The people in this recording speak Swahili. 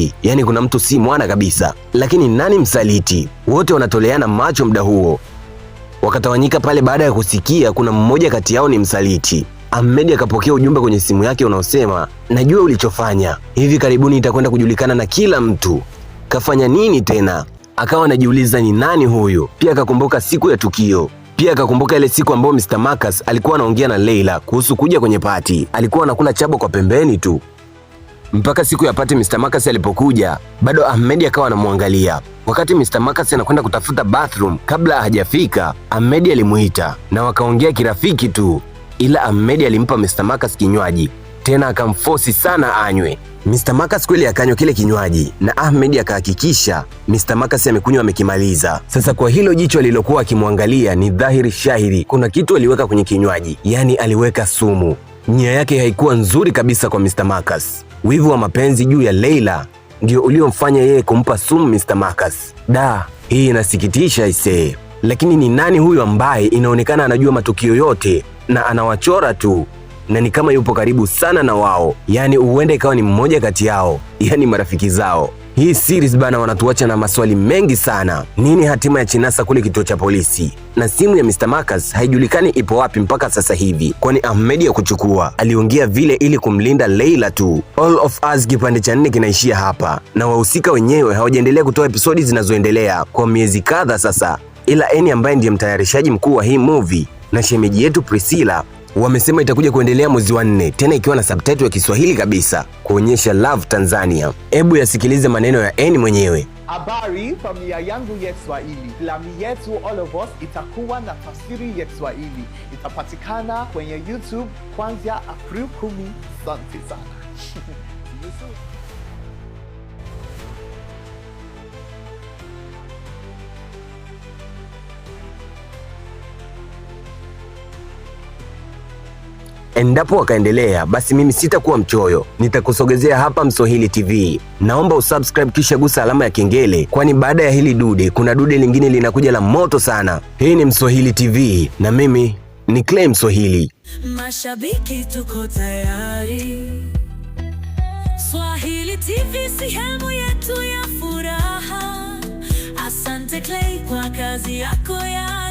msaliti, yaani kuna mtu si mwana kabisa, lakini nani msaliti? Wote wanatoleana macho muda huo, wakatawanyika pale baada ya kusikia kuna mmoja kati yao ni msaliti. Ahmed akapokea ujumbe kwenye simu yake unaosema, najua ulichofanya, hivi karibuni itakwenda kujulikana na kila mtu. Kafanya nini tena? Akawa anajiuliza ni nani huyu. Pia akakumbuka siku ya tukio pia akakumbuka ile siku ambayo Mr. Marcus alikuwa anaongea na Leila kuhusu kuja kwenye pati. Alikuwa anakula chabo kwa pembeni tu, mpaka siku ya pati Mr. Marcus alipokuja, bado Ahmed akawa anamwangalia. Wakati Mr. Marcus anakwenda kutafuta bathroom, kabla hajafika Ahmed alimuita na wakaongea kirafiki tu, ila Ahmed alimpa Mr. Marcus kinywaji tena akamfosi sana anywe. Mr. Marcus kweli akanywa kile kinywaji na Ahmed akahakikisha Mr. Marcus amekunywa amekimaliza. Sasa kwa hilo jicho alilokuwa akimwangalia, ni dhahiri shahiri kuna kitu aliweka kwenye kinywaji, yaani aliweka sumu. Nia yake haikuwa nzuri kabisa kwa Mr. Marcus. Wivu wa mapenzi juu ya Leila ndio uliomfanya yeye kumpa sumu Mr. Marcus. Da, hii inasikitisha isee. Lakini ni nani huyu ambaye inaonekana anajua matukio yote na anawachora tu na ni kama yupo karibu sana na wao, yaani huenda ikawa ni mmoja kati yao, yaani marafiki zao. Hii series bana, wanatuacha na maswali mengi sana. Nini hatima ya Chinasa kule kituo cha polisi? Na simu ya Mr. Marcus haijulikani ipo wapi mpaka sasa hivi, kwani Ahmedi ya kuchukua aliongea vile ili kumlinda Leila tu. All of Us kipande cha nne kinaishia hapa, na wahusika wenyewe hawajaendelea kutoa episodi zinazoendelea kwa miezi kadha sasa, ila Eni ambaye ndiye mtayarishaji mkuu wa hii movie na shemeji yetu Priscilla wamesema itakuja kuendelea mwezi wa nne tena ikiwa na subtitle ya Kiswahili kabisa kuonyesha love Tanzania. Hebu yasikilize maneno ya Eni mwenyewe. Habari familia yangu ya Kiswahili, filamu yetu All of Us itakuwa na tafsiri ya Kiswahili, itapatikana kwenye YouTube kuanzia Aprili 10. Asante sana. Endapo wakaendelea, basi mimi sitakuwa mchoyo, nitakusogezea hapa Mswahili TV. Naomba usubscribe kisha gusa alama ya kengele, kwani baada ya hili dude kuna dude lingine linakuja la moto sana. Hii ni Mswahili TV na mimi ni Clay Mswahili. Mashabiki tuko tayari, Swahili TV sehemu yetu ya furaha. Asante Clay kwa kazi yako ya